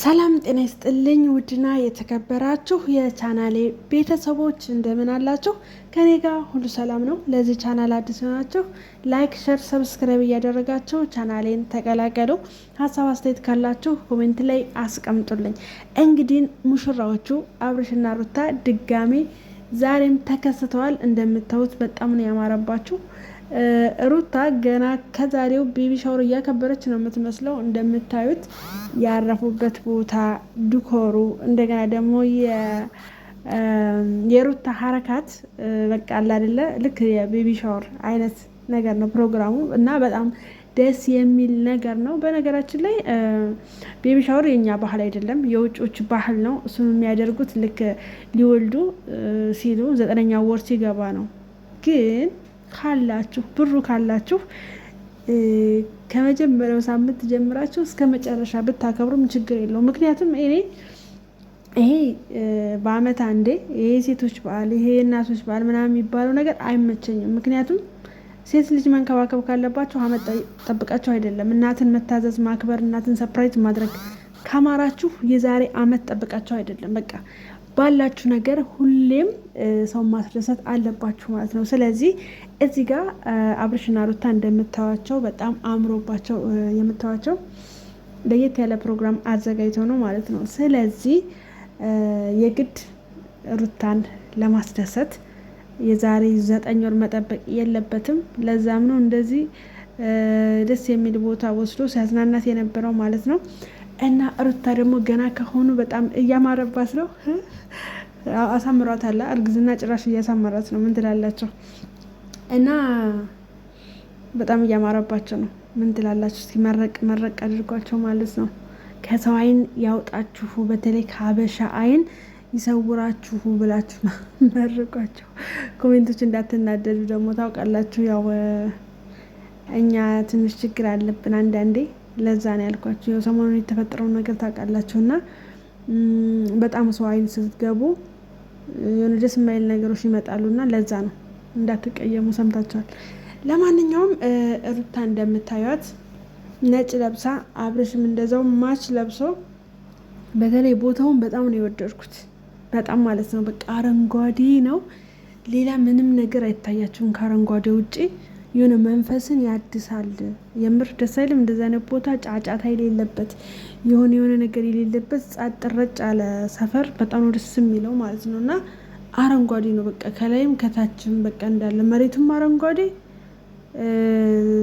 ሰላም ጤና ይስጥልኝ። ውድና የተከበራችሁ የቻናሌ ቤተሰቦች እንደምን አላችሁ? ከኔ ጋር ሁሉ ሰላም ነው። ለዚህ ቻናል አዲስ ሆናችሁ ላይክ፣ ሸር፣ ሰብስክራይብ እያደረጋችሁ ቻናሌን ተቀላቀሉ። ሀሳብ አስተያየት ካላችሁ ኮሜንት ላይ አስቀምጡልኝ። እንግዲህ ሙሽራዎቹ አብርሽና ሩታ ድጋሜ ዛሬም ተከስተዋል። እንደምታዩት በጣም ነው ያማረባችሁ። ሩታ ገና ከዛሬው ቤቢ ሻወር እያከበረች ነው የምትመስለው። እንደምታዩት ያረፉበት ቦታ ዲኮሩ፣ እንደገና ደግሞ የሩታ ሀረካት በቃ አለ አይደለ ልክ የቤቢ ሻወር አይነት ነገር ነው ፕሮግራሙ እና በጣም ደስ የሚል ነገር ነው። በነገራችን ላይ ቤቢ ሻወር የኛ ባህል አይደለም፣ የውጮች ባህል ነው። እሱም የሚያደርጉት ልክ ሊወልዱ ሲሉ ዘጠነኛ ወር ሲገባ ነው ግን ካላችሁ ብሩ ካላችሁ ከመጀመሪያው ሳምንት ጀምራችሁ እስከ መጨረሻ ብታከብሩም ችግር የለው። ምክንያቱም እኔ ይሄ በአመት አንዴ ይሄ ሴቶች በዓል ይሄ እናቶች በዓል ምናምን የሚባለው ነገር አይመቸኝም። ምክንያቱም ሴት ልጅ መንከባከብ ካለባችሁ አመት ጠብቃችሁ አይደለም እናትን መታዘዝ ማክበር፣ እናትን ሰፕራይዝ ማድረግ ከማራችሁ የዛሬ አመት ጠብቃችሁ አይደለም በቃ ባላችሁ ነገር ሁሌም ሰው ማስደሰት አለባችሁ ማለት ነው። ስለዚህ እዚህ ጋር አብርሽና ሩታ እንደምታዋቸው በጣም አምሮባቸው የምታዋቸው ለየት ያለ ፕሮግራም አዘጋጅተው ነው ማለት ነው። ስለዚህ የግድ ሩታን ለማስደሰት የዛሬ ዘጠኝ ወር መጠበቅ የለበትም። ለዛም ነው እንደዚህ ደስ የሚል ቦታ ወስዶ ሲያዝናናት የነበረው ማለት ነው። እና ሩታ ደግሞ ገና ከሆኑ በጣም እያማረባት ነው። አሳምሯት እርግዝና ጭራሽ እያሳመራት ነው። ምን ትላላቸው? እና በጣም እያማረባቸው ነው። ምን ትላላችሁ? እስኪ መረቅ መረቅ አድርጓቸው ማለት ነው። ከሰው አይን ያውጣችሁ፣ በተለይ ከሀበሻ አይን ይሰውራችሁ ብላችሁ መርቋቸው። ኮሜንቶች እንዳትናደዱ ደግሞ ታውቃላችሁ። ያው እኛ ትንሽ ችግር አለብን አንዳንዴ ለዛ ነው ያልኳቸው። ያው ሰሞኑን የተፈጠረውን ነገር ታውቃላችሁ እና በጣም ሰው አይን ስትገቡ የሆነ ደስ የማይል ነገሮች ይመጣሉ እና ለዛ ነው እንዳትቀየሙ ሰምታችኋል። ለማንኛውም ሩታ እንደምታዩት ነጭ ለብሳ አብረሽም እንደዛው ማች ለብሶ በተለይ ቦታውን በጣም ነው የወደድኩት። በጣም ማለት ነው በቃ አረንጓዴ ነው። ሌላ ምንም ነገር አይታያችሁም ከአረንጓዴ ውጪ የሆነ መንፈስን ያድሳል። የምር ደስ አይልም? እንደዚ አይነት ቦታ ጫጫታ የሌለበት የሆነ የሆነ ነገር የሌለበት ጸጥ ረጭ ያለ ሰፈር በጣም ደስ የሚለው ማለት ነው። እና አረንጓዴ ነው በቃ ከላይም ከታችም በቃ እንዳለ መሬቱም አረንጓዴ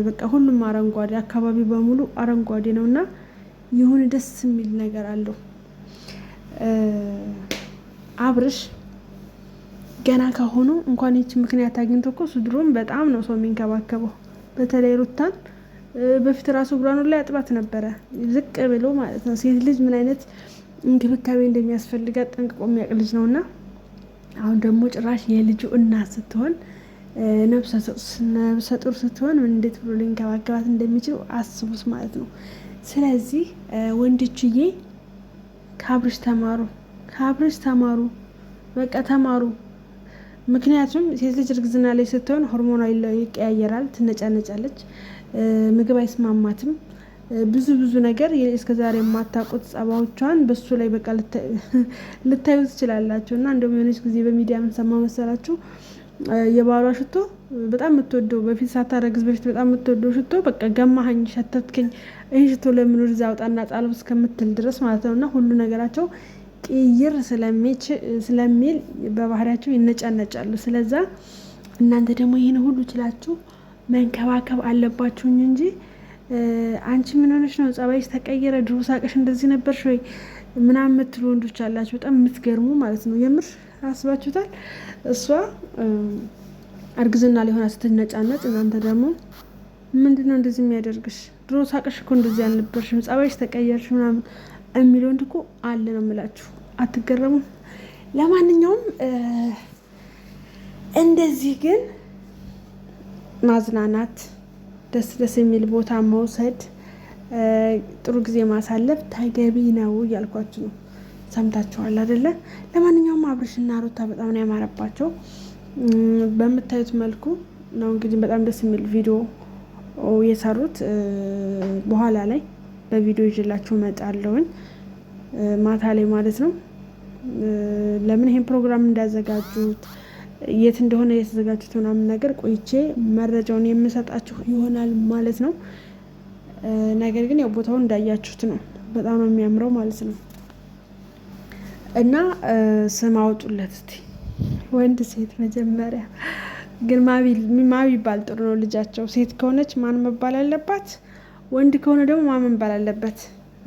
በቃ ሁሉም አረንጓዴ አካባቢ በሙሉ አረንጓዴ ነው እና የሆነ ደስ የሚል ነገር አለው አብርሽ ገና ከሆኑ እንኳን ይቺ ምክንያት አግኝቶ እኮ እሱ ድሮም በጣም ነው ሰው የሚንከባከበው። በተለይ ሩታን በፊት ራሱ ጉራኑ ላይ አጥባት ነበረ፣ ዝቅ ብሎ ማለት ነው። ሴት ልጅ ምን አይነት እንክብካቤ እንደሚያስፈልጋት ጠንቅቆ የሚያውቅ ልጅ ነው እና አሁን ደግሞ ጭራሽ የልጁ እናት ስትሆን ነብሰ ጡር ስትሆን እንዴት ብሎ ሊንከባከባት እንደሚችል አስቡስ ማለት ነው። ስለዚህ ወንድችዬ ከአብርሽ ተማሩ፣ ከአብርሽ ተማሩ፣ በቃ ተማሩ። ምክንያቱም ሴት ልጅ እርግዝና ላይ ስትሆን ሆርሞኗ ይቀያየራል፣ ትነጫነጫለች፣ ምግብ አይስማማትም፣ ብዙ ብዙ ነገር እስከዛሬ የማታውቁት ጸባዎቿን በሱ ላይ በቃ ልታዩ ትችላላችሁ። እና እንደውም የሆነች ጊዜ በሚዲያ የምንሰማ መሰላችሁ የባሏ ሽቶ በጣም የምትወደው በፊት ሳታረግዝ በፊት በጣም የምትወደው ሽቶ በቃ ገማሀኝ፣ ሸተትክኝ፣ ይህን ሽቶ ለምን ወደዛ አውጣና ጣለው እስከምትል ድረስ ማለት ነው እና ሁሉ ነገራቸው ቅይር ስለሚል በባህሪያቸው ይነጫነጫሉ። ስለዛ እናንተ ደግሞ ይህን ሁሉ ችላችሁ መንከባከብ አለባችሁኝ እንጂ አንቺ ምን ሆነሽ ነው ጸባይሽ ተቀየረ፣ ድሮ ሳቅሽ እንደዚህ ነበርሽ ወይ ምናምን የምትሉ ወንዶች አላችሁ። በጣም የምትገርሙ ማለት ነው። የምር አስባችሁታል። እሷ እርግዝና ሊሆን ስትነጫነጭ፣ እናንተ ደግሞ ምንድን ነው እንደዚህ የሚያደርግሽ? ድሮ ሳቅሽ እኮ እንደዚህ አልነበርሽም፣ ጸባይሽ ተቀየርሽ ምናምን የሚል ወንድ እኮ አለ ነው የምላችሁ። አትገረሙም? ለማንኛውም እንደዚህ ግን ማዝናናት፣ ደስ ደስ የሚል ቦታ መውሰድ፣ ጥሩ ጊዜ ማሳለፍ ተገቢ ነው እያልኳችሁ ነው። ሰምታችኋል አይደለ? ለማንኛውም አብርሽና ሩታ በጣም ነው ያማረባቸው። በምታዩት መልኩ ነው እንግዲህ በጣም ደስ የሚል ቪዲዮ የሰሩት። በኋላ ላይ በቪዲዮ ይዤላችሁ እመጣለሁኝ ማታ ላይ ማለት ነው። ለምን ይሄን ፕሮግራም እንዳዘጋጁት የት እንደሆነ የተዘጋጁት ምናምን ነገር ቆይቼ መረጃውን የምሰጣችሁ ይሆናል ማለት ነው። ነገር ግን ያው ቦታውን እንዳያችሁት ነው። በጣም ነው የሚያምረው ማለት ነው። እና ስም አውጡለት እስቲ ወንድ ሴት መጀመሪያ ግን ማ ቢባል ጥሩ ነው? ልጃቸው ሴት ከሆነች ማን መባል አለባት? ወንድ ከሆነ ደግሞ ማን መባል አለበት?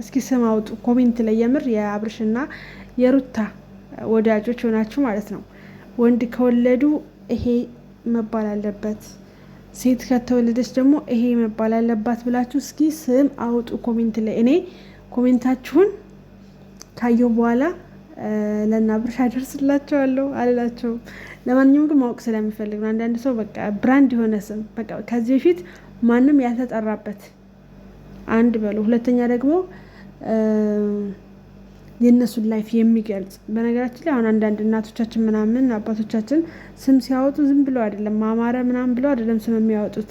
እስኪ ስም አውጡ ኮሜንት ላይ የምር የአብርሽና የሩታ ወዳጆች ሆናችሁ ማለት ነው ወንድ ከወለዱ ይሄ መባል አለበት፣ ሴት ከተወለደች ደግሞ ይሄ መባል አለባት ብላችሁ እስኪ ስም አውጡ ኮሜንት ላይ። እኔ ኮሜንታችሁን ካየው በኋላ ለና ብርሽ አደርስላቸዋለሁ አልላቸውም። ለማንኛውም ግን ማወቅ ስለሚፈልግ ነው። አንዳንድ ሰው በቃ ብራንድ የሆነ ስም በቃ ከዚህ በፊት ማንም ያልተጠራበት አንድ በሉ። ሁለተኛ ደግሞ የእነሱን ላይፍ የሚገልጽ በነገራችን ላይ አሁን አንዳንድ እናቶቻችን ምናምን አባቶቻችን ስም ሲያወጡ ዝም ብለው አይደለም ማማረ ምናምን ብለው አይደለም ስም የሚያወጡት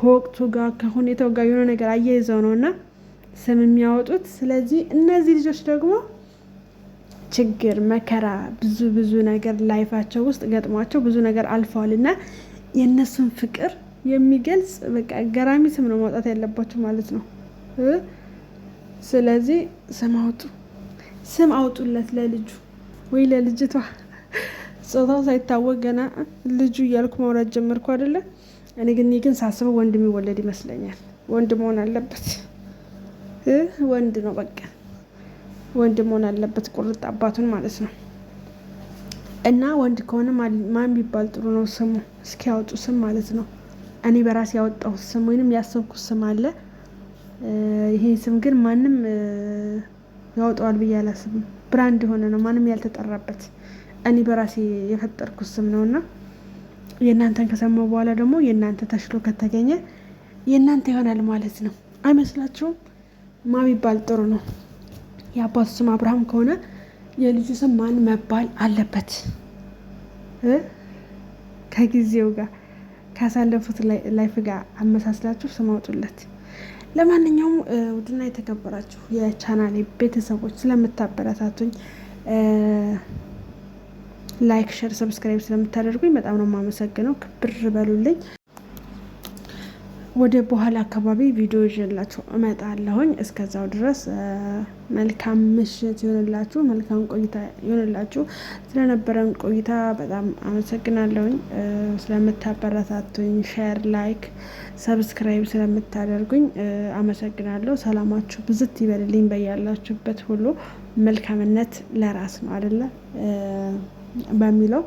ከወቅቱ ጋር ከሁኔታው ጋር የሆነ ነገር አያይዘው ነው እና ስም የሚያወጡት። ስለዚህ እነዚህ ልጆች ደግሞ ችግር፣ መከራ፣ ብዙ ብዙ ነገር ላይፋቸው ውስጥ ገጥሟቸው ብዙ ነገር አልፈዋል እና የእነሱን ፍቅር የሚገልጽ በቃ ገራሚ ስም ነው ማውጣት ያለባቸው ማለት ነው። ስለዚህ ስም አውጡ። ስም አውጡለት ለልጁ ወይ ለልጅቷ። ጾታው ሳይታወቅ ገና ልጁ እያልኩ ማውራት ጀመርኩ አይደለ? እኔ ግን ግን ሳስበው ወንድ የሚወለድ ይመስለኛል። ወንድ መሆን አለበት። ወንድ ነው በቃ ወንድ መሆን አለበት። ቁርጥ አባቱን ማለት ነው። እና ወንድ ከሆነ ማን ቢባል ጥሩ ነው ስሙ? እስኪያወጡ ስም ማለት ነው። እኔ በራሴ ያወጣሁት ስም ወይንም ያሰብኩት ስም አለ። ይሄ ስም ግን ማንም ያወጣዋል ብዬ አላስብም። ብራንድ የሆነ ነው ማንም ያልተጠራበት እኔ በራሴ የፈጠርኩት ስም ነው እና የእናንተን ከሰማው በኋላ ደግሞ የእናንተ ተሽሎ ከተገኘ የእናንተ ይሆናል ማለት ነው። አይመስላችሁም? ማ ቢባል ጥሩ ነው? የአባቱ ስም አብርሃም ከሆነ የልጁ ስም ማን መባል አለበት? ከጊዜው ጋር ካሳለፉት ላይፍ ጋር አመሳስላችሁ ስም አውጡለት። ለማንኛውም ውድና የተከበራችሁ የቻናሌ ቤተሰቦች ስለምታበረታቱኝ ላይክ፣ ሸር፣ ሰብስክራይብ ስለምታደርጉኝ በጣም ነው የማመሰግነው። ክብር በሉልኝ። ወደ በኋላ አካባቢ ቪዲዮ ይዤላችሁ እመጣለሁኝ። እስከዛው ድረስ መልካም ምሽት ይሆንላችሁ፣ መልካም ቆይታ ይሆንላችሁ። ስለነበረን ቆይታ በጣም አመሰግናለሁኝ። ስለምታበረታቱኝ፣ ሼር፣ ላይክ፣ ሰብስክራይብ ስለምታደርጉኝ አመሰግናለሁ። ሰላማችሁ ብዝት ይበልልኝ በያላችሁበት ሁሉ። መልካምነት ለራስ ነው አደለ በሚለው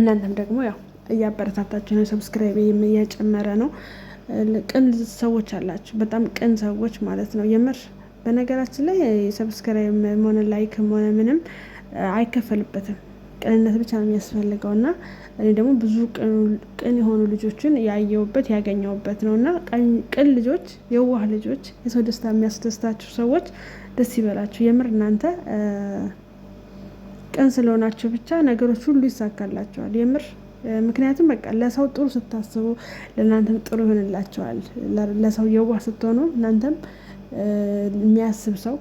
እናንተም ደግሞ ያው እያበረታታችሁ ነው። ሰብስክራይብ እየጨመረ ነው። ቅን ሰዎች አላችሁ፣ በጣም ቅን ሰዎች ማለት ነው። የምር በነገራችን ላይ ሰብስክራይብ ሆነ ላይክም ሆነ ምንም አይከፈልበትም። ቅንነት ብቻ ነው የሚያስፈልገው እና እኔ ደግሞ ብዙ ቅን የሆኑ ልጆችን ያየውበት ያገኘውበት ነው እና ቅን ልጆች፣ የዋህ ልጆች፣ የሰው ደስታ የሚያስደስታችሁ ሰዎች ደስ ይበላችሁ። የምር እናንተ ቅን ስለሆናችሁ ብቻ ነገሮች ሁሉ ይሳካላቸዋል የምር ምክንያቱም በቃ ለሰው ጥሩ ስታስቡ ለእናንተም ጥሩ ይሆንላቸዋል። ለሰው የዋህ ስትሆኑ እናንተም የሚያስብ ሰው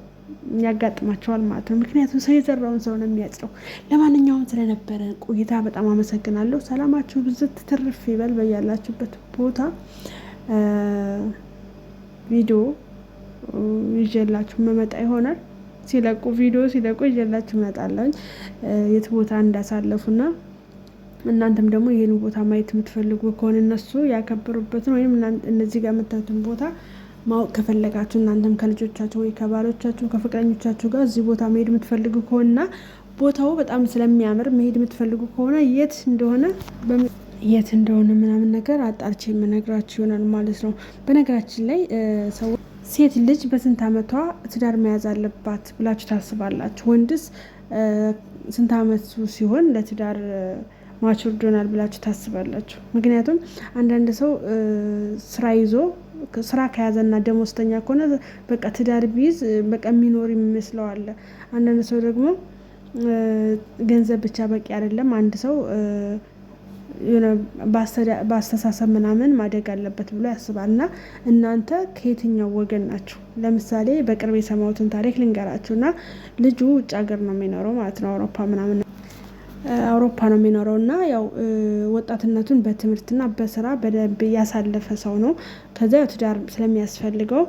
ያጋጥማቸዋል ማለት ነው። ምክንያቱም ሰው የዘራውን ሰው ነው የሚያጭደው። ለማንኛውም ስለነበረ ቆይታ በጣም አመሰግናለሁ። ሰላማችሁ ብዝት ትርፍ ይበል በያላችሁበት ቦታ። ቪዲዮ ይዤላችሁ መመጣ ይሆናል ሲለቁ ቪዲዮ ሲለቁ ይዤላችሁ እመጣለሁ። የት ቦታ እንዳሳለፉና እናንተም ደግሞ ይህን ቦታ ማየት የምትፈልጉ ከሆነ እነሱ ያከበሩበትን ወይም እነዚህ ጋር የምታዩትን ቦታ ማወቅ ከፈለጋችሁ እናንተም ከልጆቻችሁ ወይ ከባሎቻችሁ ከፍቅረኞቻችሁ ጋር እዚህ ቦታ መሄድ የምትፈልጉ ከሆነና ቦታው በጣም ስለሚያምር መሄድ የምትፈልጉ ከሆነ የት እንደሆነ የት እንደሆነ ምናምን ነገር አጣርቼ የምነግራችሁ ይሆናል ማለት ነው። በነገራችን ላይ ሰው ሴት ልጅ በስንት ዓመቷ ትዳር መያዝ አለባት ብላችሁ ታስባላችሁ? ወንድስ ስንት ዓመቱ ሲሆን ለትዳር ማቹርድ ሆናል ብላችሁ ታስባላችሁ? ምክንያቱም አንዳንድ ሰው ስራ ይዞ ስራ ከያዘና ደሞዝተኛ ከሆነ በቃ ትዳር ቢይዝ በቃ የሚኖር አለ። አንዳንድ ሰው ደግሞ ገንዘብ ብቻ በቂ አይደለም። አንድ ሰው በአስተሳሰብ ምናምን ማደግ አለበት ብሎ ያስባል። እና እናንተ ከየትኛው ወገን ናችሁ? ለምሳሌ በቅርብ የሰማሁትን ታሪክ ልንገራችሁ እና ልጁ ውጭ ሀገር ነው የሚኖረው ማለት ነው አውሮፓ ምናምን አውሮፓ ነው የሚኖረው እና ያው ወጣትነቱን በትምህርትና በስራ በደንብ ያሳለፈ ሰው ነው። ከዛ ያው ትዳር ስለሚያስፈልገው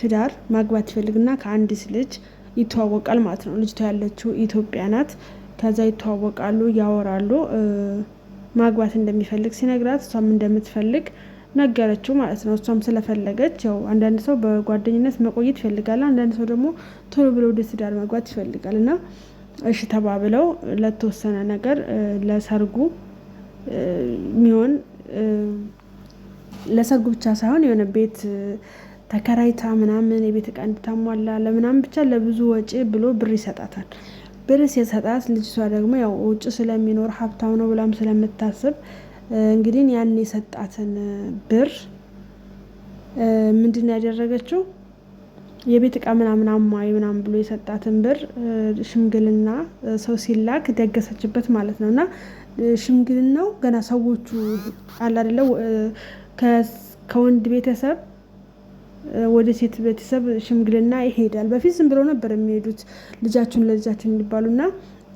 ትዳር ማግባት ይፈልግና ከአንዲት ልጅ ይተዋወቃል ማለት ነው። ልጅቷ ያለችው ኢትዮጵያ ናት። ከዛ ይተዋወቃሉ፣ ያወራሉ። ማግባት እንደሚፈልግ ሲነግራት እሷም እንደምትፈልግ ነገረችው ማለት ነው። እሷም ስለፈለገች ያው አንዳንድ ሰው በጓደኝነት መቆየት ይፈልጋል፣ አንዳንድ ሰው ደግሞ ቶሎ ብሎ ወደ ትዳር መግባት ይፈልጋል እና እሺ ተባብለው ለተወሰነ ነገር ለሰርጉ የሚሆን ለሰርጉ ብቻ ሳይሆን የሆነ ቤት ተከራይታ ምናምን የቤት እቃ እንድታሟላ ለምናምን ብቻ ለብዙ ወጪ ብሎ ብር ይሰጣታል። ብር ሲሰጣት ልጅቷ ደግሞ ያው ውጭ ስለሚኖር ሀብታም ነው ብላም ስለምታስብ እንግዲህ ያን የሰጣትን ብር ምንድን ነው ያደረገችው? የቤት እቃ ምናምን አማዩ ምናምን ብሎ የሰጣትን ብር ሽምግልና ሰው ሲላክ ደገሰችበት ማለት ነው። እና ሽምግልናው ገና ሰዎቹ አለ አይደለው ከወንድ ቤተሰብ ወደ ሴት ቤተሰብ ሽምግልና ይሄዳል። በፊት ዝም ብሎ ነበር የሚሄዱት ልጃችሁን ለልጃችን እንዲባሉ እና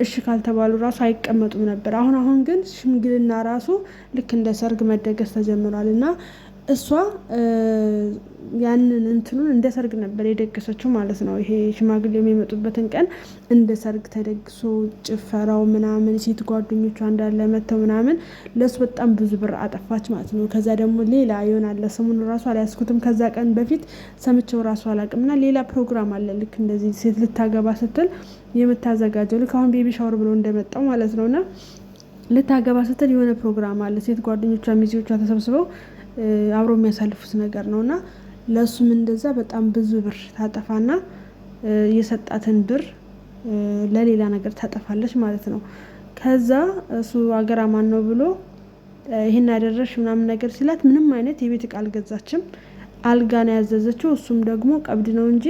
እሺ ካልተባሉ ራሱ አይቀመጡም ነበር። አሁን አሁን ግን ሽምግልና ራሱ ልክ እንደ ሰርግ መደገስ ተጀምሯል እና እሷ ያንን እንትኑን እንደ ሰርግ ነበር የደገሰችው ማለት ነው። ይሄ ሽማግሌ የሚመጡበትን ቀን እንደ ሰርግ ተደግሶ ጭፈራው ምናምን ሴት ጓደኞቿ እንዳለ መተው ምናምን ለሱ በጣም ብዙ ብር አጠፋች ማለት ነው። ከዛ ደግሞ ሌላ አለ ስሙን ራሱ አልያዝኩትም። ከዛ ቀን በፊት ሰምቸው ራሱ አላቅምና እና ሌላ ፕሮግራም አለ ልክ እንደዚህ ሴት ልታገባ ስትል የምታዘጋጀው ልክ አሁን ቤቢ ሻወር ብሎ እንደመጣው ማለት ነው። እና ልታገባ ስትል የሆነ ፕሮግራም አለ ሴት ጓደኞቿ ሚዜዎቿ ተሰብስበው አብሮ የሚያሳልፉት ነገር ነው እና ለእሱም እንደዛ በጣም ብዙ ብር ታጠፋና የሰጣትን ብር ለሌላ ነገር ታጠፋለች ማለት ነው። ከዛ እሱ አገር አማን ነው ብሎ ይህን ያደረሽ ምናምን ነገር ሲላት ምንም አይነት የቤት እቃ አልገዛችም። አልጋ ነው ያዘዘችው። እሱም ደግሞ ቀብድ ነው እንጂ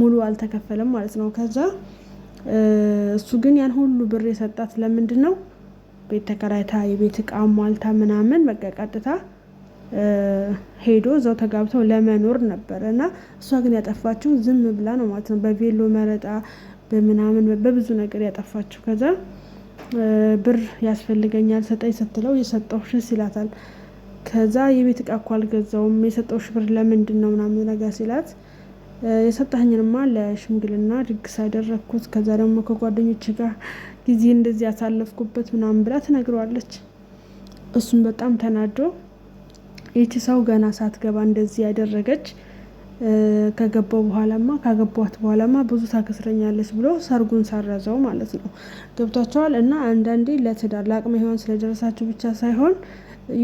ሙሉ አልተከፈለም ማለት ነው። ከዛ እሱ ግን ያን ሁሉ ብር የሰጣት ለምንድን ነው? ቤት ተከራይታ የቤት እቃ ሟልታ ምናምን በቃ ቀጥታ ሄዶ እዛው ተጋብተው ለመኖር ነበረ እና እሷ ግን ያጠፋችው ዝም ብላ ነው ማለት ነው። በቬሎ መረጣ በምናምን በብዙ ነገር ያጠፋችው። ከዛ ብር ያስፈልገኛል ሰጠኝ ስትለው የሰጠውሽ ይላታል። ከዛ የቤት እቃ እኮ አልገዛውም የሰጠውሽ ብር ለምንድን ነው ምናምን ነገር ሲላት የሰጣኝንማ ለሽምግልና ድግስ አደረግኩት። ከዛ ደግሞ ከጓደኞች ጋር ጊዜ እንደዚህ ያሳለፍኩበት ምናምን ብላ ትነግረዋለች። እሱም በጣም ተናዶ ይቺ ሰው ገና ሳትገባ እንደዚህ ያደረገች ከገባው በኋላማ ካገቧት በኋላማ ብዙ ታከስረኛለች ብሎ ሰርጉን ሰረዘው ማለት ነው። ገብቷቸዋል። እና አንዳንዴ ለትዳር ለአቅመ ሔዋን ስለደረሳችሁ ብቻ ሳይሆን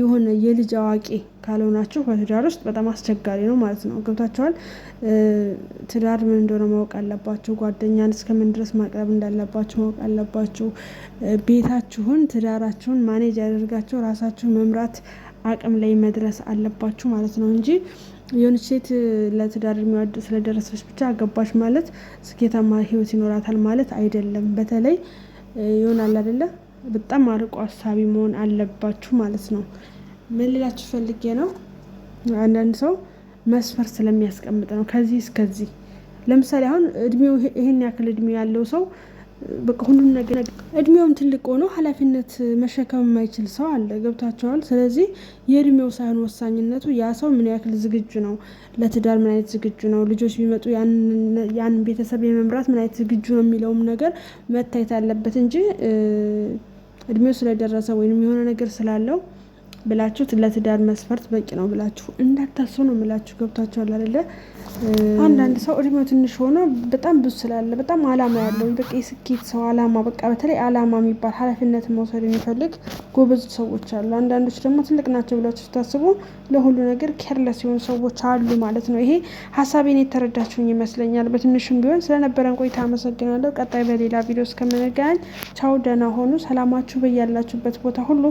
የሆነ የልጅ አዋቂ ካልሆናችሁ በትዳር ውስጥ በጣም አስቸጋሪ ነው ማለት ነው። ገብታችኋል። ትዳር ምን እንደሆነ ማወቅ አለባችሁ። ጓደኛን እስከምን ድረስ ማቅረብ እንዳለባችሁ ማወቅ አለባችሁ። ቤታችሁን፣ ትዳራችሁን ማኔጅ ያደርጋችሁ ራሳችሁን መምራት አቅም ላይ መድረስ አለባችሁ ማለት ነው እንጂ የሆነች ሴት ለትዳር እድሜዋ ስለደረሰች ብቻ አገባች ማለት ስኬታማ ህይወት ይኖራታል ማለት አይደለም። በተለይ ይሆናል አይደለ በጣም አርቆ ሀሳቢ መሆን አለባችሁ ማለት ነው። ምን ሌላችሁ ፈልጌ ነው፣ አንዳንድ ሰው መስፈር ስለሚያስቀምጥ ነው። ከዚህ እስከዚህ ለምሳሌ አሁን እድሜው ይህን ያክል እድሜ ያለው ሰው በቃ ሁሉም ነገር እድሜውም ትልቅ ሆኖ ኃላፊነት መሸከም የማይችል ሰው አለ። ገብታቸዋል። ስለዚህ የእድሜው ሳይሆን ወሳኝነቱ ያ ሰው ምን ያክል ዝግጁ ነው፣ ለትዳር ምን አይነት ዝግጁ ነው፣ ልጆች ቢመጡ ያን ቤተሰብ የመምራት ምን አይነት ዝግጁ ነው የሚለውም ነገር መታየት አለበት እንጂ እድሜው ስለደረሰ ወይም የሆነ ነገር ስላለው ብላችሁ ለትዳር መስፈርት በቂ ነው ብላችሁ እንዳታስቡ ነው የምላችሁ። ገብቷችኋል አይደለ? አንዳንድ ሰው እድሜው ትንሽ ሆኖ በጣም ብዙ ስላለ በጣም አላማ ያለው በቃ የስኬት ሰው አላማ በቃ በተለይ አላማ የሚባል ኃላፊነት መውሰድ የሚፈልግ ጎበዙ ሰዎች አሉ። አንዳንዶች ደግሞ ትልቅ ናቸው ብላችሁ ስታስቡ ለሁሉ ነገር ኬርለስ የሆኑ ሰዎች አሉ ማለት ነው። ይሄ ሀሳቤን የተረዳችሁኝ ይመስለኛል። በትንሹም ቢሆን ስለነበረን ቆይታ አመሰግናለሁ። ቀጣይ በሌላ ቪዲዮ እስከምንገናኝ ቻው፣ ደህና ሆኑ። ሰላማችሁ በያላችሁበት ቦታ ሁሉ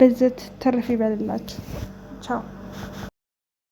በዘት ትርፍ ይበልላችሁ። ቻው